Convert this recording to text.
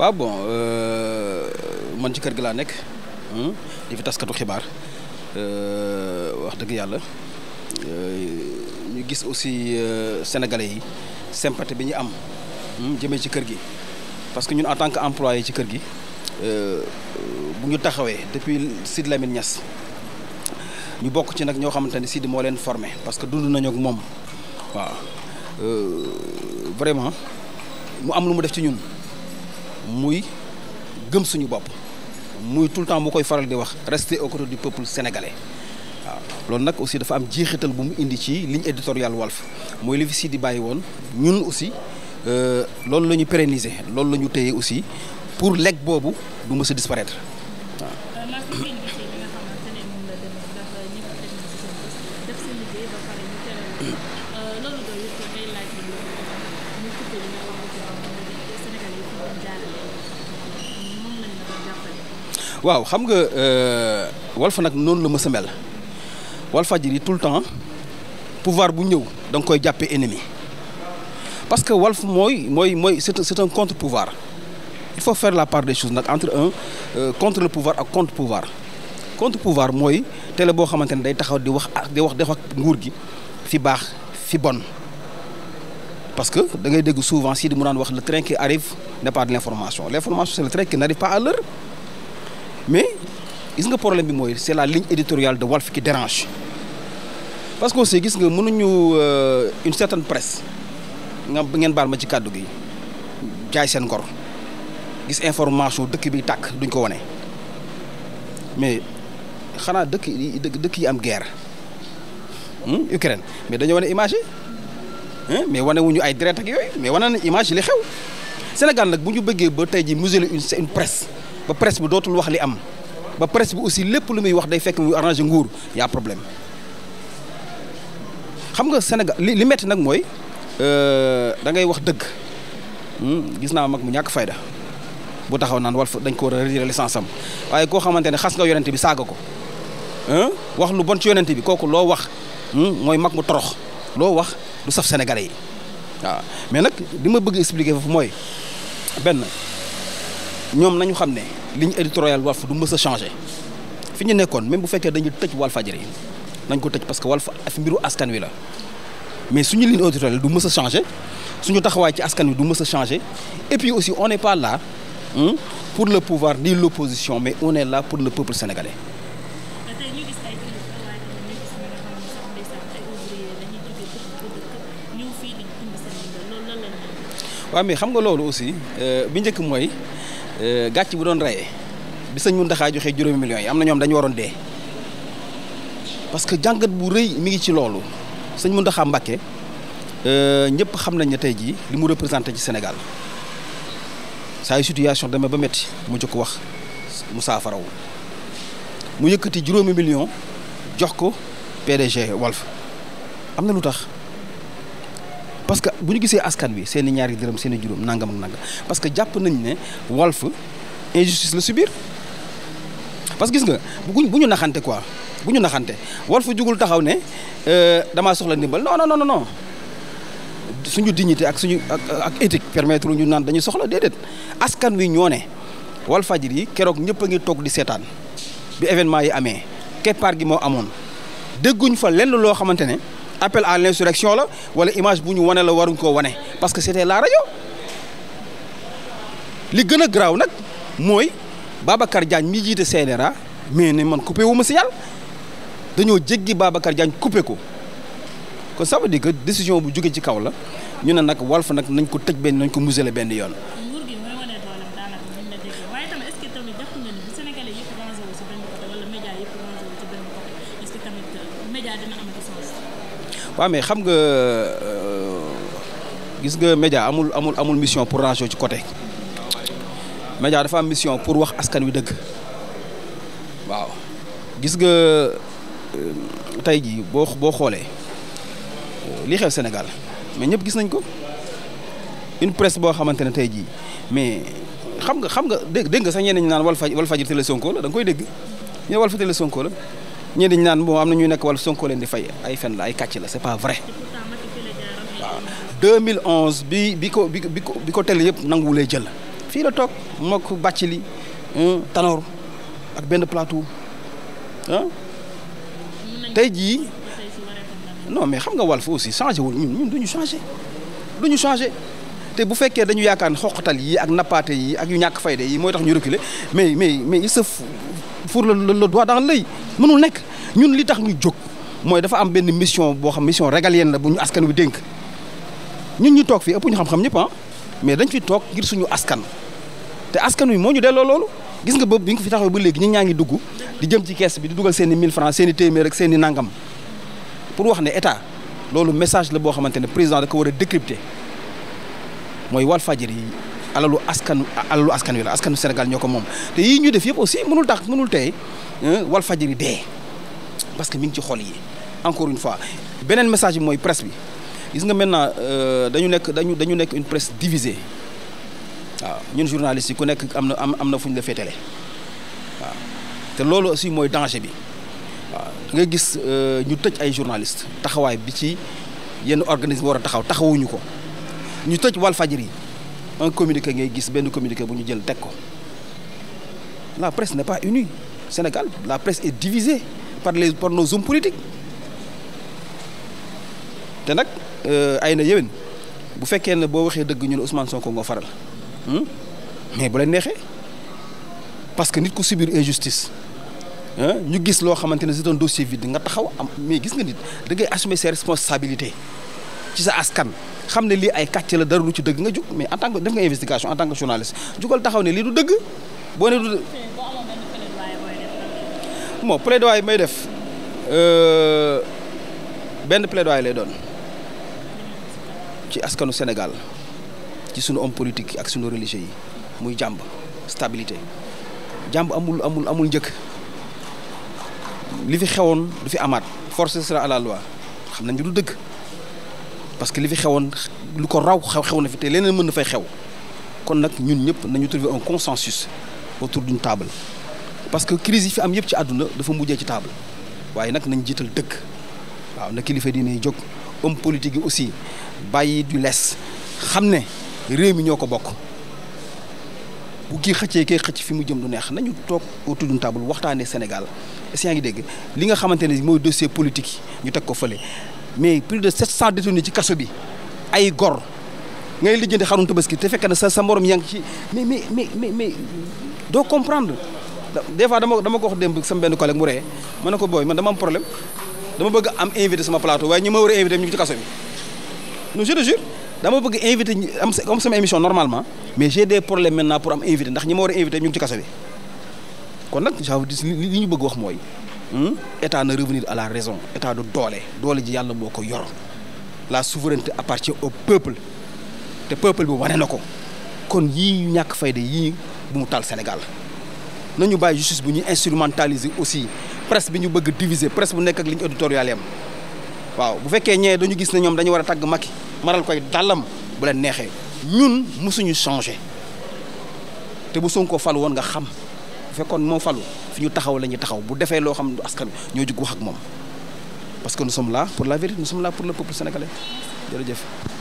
waaw bon euh, man ci kër gi laa nekk hmm, di fi taskatu xibaar euh, wax dëgg yàlla euh, ñu gis aussi sénégalais yi sympathie bi ñu am hmm, jëmee ci kër gi parce que ñun en tant que employé ci kër gi bu ñu taxawee depuis Sidi Lamine Niass ñu bokk ci nag ñoo xamante ni Sidi moo leen formé parce que dund nañu ak moom waaw vraiment. mu am lu mu def ci ñun muy gëm suñu bopp muy tout le temps mu koy faral di wax rester au côté du peuple sénégalais waaw loolu nag aussi dafa am jeexital bu mu indi ci liñ éditoriale Walf mooy li si di bàyyi woon ñun aussi euh, loolu la ñu pérenniser loolu la ñu téye aussi pour lekk boobu du mës a disparaître waaw xam nga euh, Walf nag noonu la mës a mel Walfadjri tout le temps pouvoir bu ñëw da nga koy jàppee ennemi parce que Walf mooy mooy mooy c'est un contre pouvoir il faut faire la part des choses nag entre un euh, contre le pouvoir ak contre pouvoir contre pouvoir mooy tele boo xamante ne day taxaw di wax di wax di wax nguur gi fi baax fi bon parce que da ngay dégg souvent si di mu daan wax le train qui arrive n'est pas de l'information l'information c'est le train qui n'arrive pas à l'heure mais gis nga problème bi mooy c'est la ligne éditoriale de Walf qui dérange parce que se gis nga mënuñu euh, une certaine presse nga ngeen baal ma ci kàddu gi jaay seen ngor gis information dëkk bi tàkk duñ ko wane mais xanaa dëkk yi dëkk yi am guerre hmm, Ukraine mais dañoo wane image mais wane wuñu ay direct ak yooyu mais wane nañ image li xew Sénégal nag bu ñu bëggee ba tey ji muselé une une presse ba presse bu dootul wax li am ba presse bi aussi lépp lu muy wax day fekk muy arrangé nguur y'a problème xam nga Sénégal li li metti nag mooy euh, da ngay wax dëgg hmm? gis naa mag mu ñàkk fayda boo taxaw naan Walf dañ ko war a retirer licence am waaye koo xamante ne xas nga yonent bi saaga ko wax lu bon ci yonent bi kooku loo wax hmm? mooy mag mu torox loo wax du saf sénégalais yi waaw mais nag li ma bëgg expliquer foofu mooy benn ñoom nañu xam ne ligne éditoriale Walf du mës a changé fi ñu nekkoon même bu fekkee dañu tëj Walfadjri yi nañ ko tëj parce que Walf af mbiru askan wi la mais suñu ligne éditoriale du mës a changé suñu taxawaay ci askan wi du mës a changé et puis aussi on n'est pas là hmm, pour le pouvoir ni l'opposition mais on est là pour le peuple sénégalais waaw mais xam nga loolu aussi euh, bi njëkk mooy euh, gàcc bu doon rayee bi sëñ Mountakha joxee juróomi millions yi am na ñoom dañu waroon dee parce que jàngat bu rëy mi ngi ci loolu sëñ Mountakha Mbacké euh, ñëpp xam nañ ne tey jii li mu représenté ci Sénégal saa yu situation demee ba métti mu jëkk wax mu saafarawu mu yëkkati juróomi million jox ko PDG Walf am na lu tax. parce que bu ñu gisee askan wi seen i ñaari dërëm seen juróom nangam ak nangam parce que jàpp nañ ne Walf injustice la subir parce que gis nga bu ñu naxante quoi bu ñu naxante Walf jugul taxaw ne euh, damaa soxla ndimbal non non non non suñu dignité ak suñu ak ak éthique permettre ñu naan dañuy soxla déedéet askan wi ñoo ne Walfadjri yi keroog ñëpp a ngi toog di seetaan bi événement yi amee keppaar gi moo amoon dégguñ fa lenn loo xamante ne. appel à l'insurrection la wala image bu ñu wane la waruñ koo wane parce que c'était la rajo li gën a garaaw nag mooy Babacar Diagne mi jiite CNRA mais ne man coupé wu ma signal dañoo jéggi Babacar Diagne coupé ko kon ça veut que décision bu jugee ci kaw la ñu ne nag Walf nag nañ ko tëj benn nañ ko muselé benn yoon. média dina waaw mais xam nga euh, gis nga média amul amul amul mission pour ranger ci côté. média dafa am mission pour wax askan wi dëgg. waaw gis nga euh, tey jii boo boo xoolee euh, li xew Sénégal mais ñëpp gis nañ ko une presse boo xamante ne tey jii mais xam nga xam nga dégg nga sax ñeneen ñi naan faj Walfadjri télé Sonko la da nga koy dégg ñu ne Walf télé Sonko la. ñii dañu naan boo am na ñu nekk wàllu Sonko leen di fay ay fen la ay kàcc la c'est pas vrai. waaw 2011 bi bi ko bi ko bi ko télé yëpp nanguwulee jël. fii la toog mook li Tanor ak benn plateau tey jii non mais xam nga Walf aussi changé wul ñun ñun du ñu changé du ñu changé. te bu fekkee dañu yaakaar ne xoqatal yi ak nappaate yi ak yu ñàkk fayda yi mooy tax ñu reculer mais mais mais il se fourre le la doigt dans l'œil mënul nekk ñun li tax ñu jóg mooy dafa am benn mission boo xam mission régalienne la bu ñu askan wi dénk ñun ñu toog fii ëpp ñu xam-xam ñëpp ah mais dañ fi toog ngir suñu askan te askan wi moo ñu delloo loolu gis nga boobu bi nga fi taxaw ba léegi ñi ñaa ngi dugg di jëm ci kees bi di dugal seeni i 1000 francs i téeméer seeni seen nangam pour wax ne état loolu message la boo xamante ne président da ko war a mooy Walfadjri fajari alalu askan alalu askan wi askanu Sénégal ñoo ko moom te yii ñu def yëpp aussi mënul tax mënul tey wal Walfadjri dee parce que mi ngi ci xol yi encore une fois beneen message bi mooy presse bi gis nga maintenant euh, dañu nekk dañu dañu nekk une presse divisée waaw ñun journalistes yi ku nekk am na am na fu ñu la féetale waaw te loolu aussi mooy danger bi waaw nga gis euh, ñu tëj ay journalistes taxawaay bi ci yenn organise war a taxaw taxawuñu ko ñu tëj Walfadjri un communiqué ngay gis benn communiqué bu ñu jël teg ko la presse n'est pas unie Sénégal la presse et divisée par les par nos hommes politiques te nag euh, ay na yéwén bu fekkee ne boo waxee dëgg ñu ne soo ko nga faral hmm? mais bu leen neexee parce que nit ku subir injustice ñu gis loo xamante ne c'est un dossier vide nga taxaw am mais gis nga nit da ngay assumer ses responsabilités ci sa askan. xam ne lii ay kàcc la dara lu ci dëgg nga jug mais en tant que def nga investigation en tant que journaliste jugal taxaw ne lii du dëgg boo ne du. moo plaidoyer may def euh, benn plaidoyer lay doon ci askanu Sénégal ci sunu homme politique ak sunu religieux yi muy jàmb stabilité jàmb amul amul amul njëkk li fi xewoon du fi amaat force sera à la loi xam nañ du dëgg. parce que li fi xewoon lu ko raw xew xew na fi te leneen mën na fay xew kon nag ñun ñëpp nañu trouver un consensus autour d'une table parce que crise yi fi am yëpp ci àdduna dafa mujjee ci table waaye nag nañ jiital dëkk waaw na kilifa diine jóg homme politique yi aussi bàyyi du les xam ne réew mi ñoo ko bokk bu kii xëccee kay xëcc fi mu jëm du neex nañu toog autour d'une table waxtaanee Sénégal est-ce ngi dégg li nga xamante ne mooy dossier politique yi ñu teg ko fële. mais plus de 700 détenus ci kaso bi ay gor ngay lijjanti xarum tabaski te fekk na sa sa morom yaa ngi ci mais mais mais mais doo comprendre des fois dama dama ko wax démb sama benn collègue mu ree ma ne ko booy man dama am problème dama bëgg am invité sama plateau waaye ñi ma war a invité ñu ngi ci kaso bi non je te jure dama bëgg invité am sama émission normalement mais j'ai des problèmes maintenant pour am invité ndax ñi ma war a invité ñu ngi ci kaso bi kon li ñu bëgg wax mooy. Hmm? état na revenir à la raison état du doole doole ji yàlla boo ko yor la souveraineté appartient au peuple te peuple bi wane na ko kon yii ñàkk fayda yii bu mu taal Sénégal nañu bàyyi justice bu ñuy instrumentaliser aussi presse bi ñu bëgg diviser presse bu nekk ak li éditoriale am waaw bu fekkee ñee dañu gis ne ñoom dañu war a tàgg Macky maral koy dàllam bu leen neexee ñun musuñu changé te bu Sonko fal woon nga xam fekkoon moo falu fi ñu taxaw la ñuy taxaw bu defee loo xam du askan wi ñoo jug wax ak moom parce que nous sommes là pour la vérité nous sommes là pour le peuple sénégalais jërëjëf.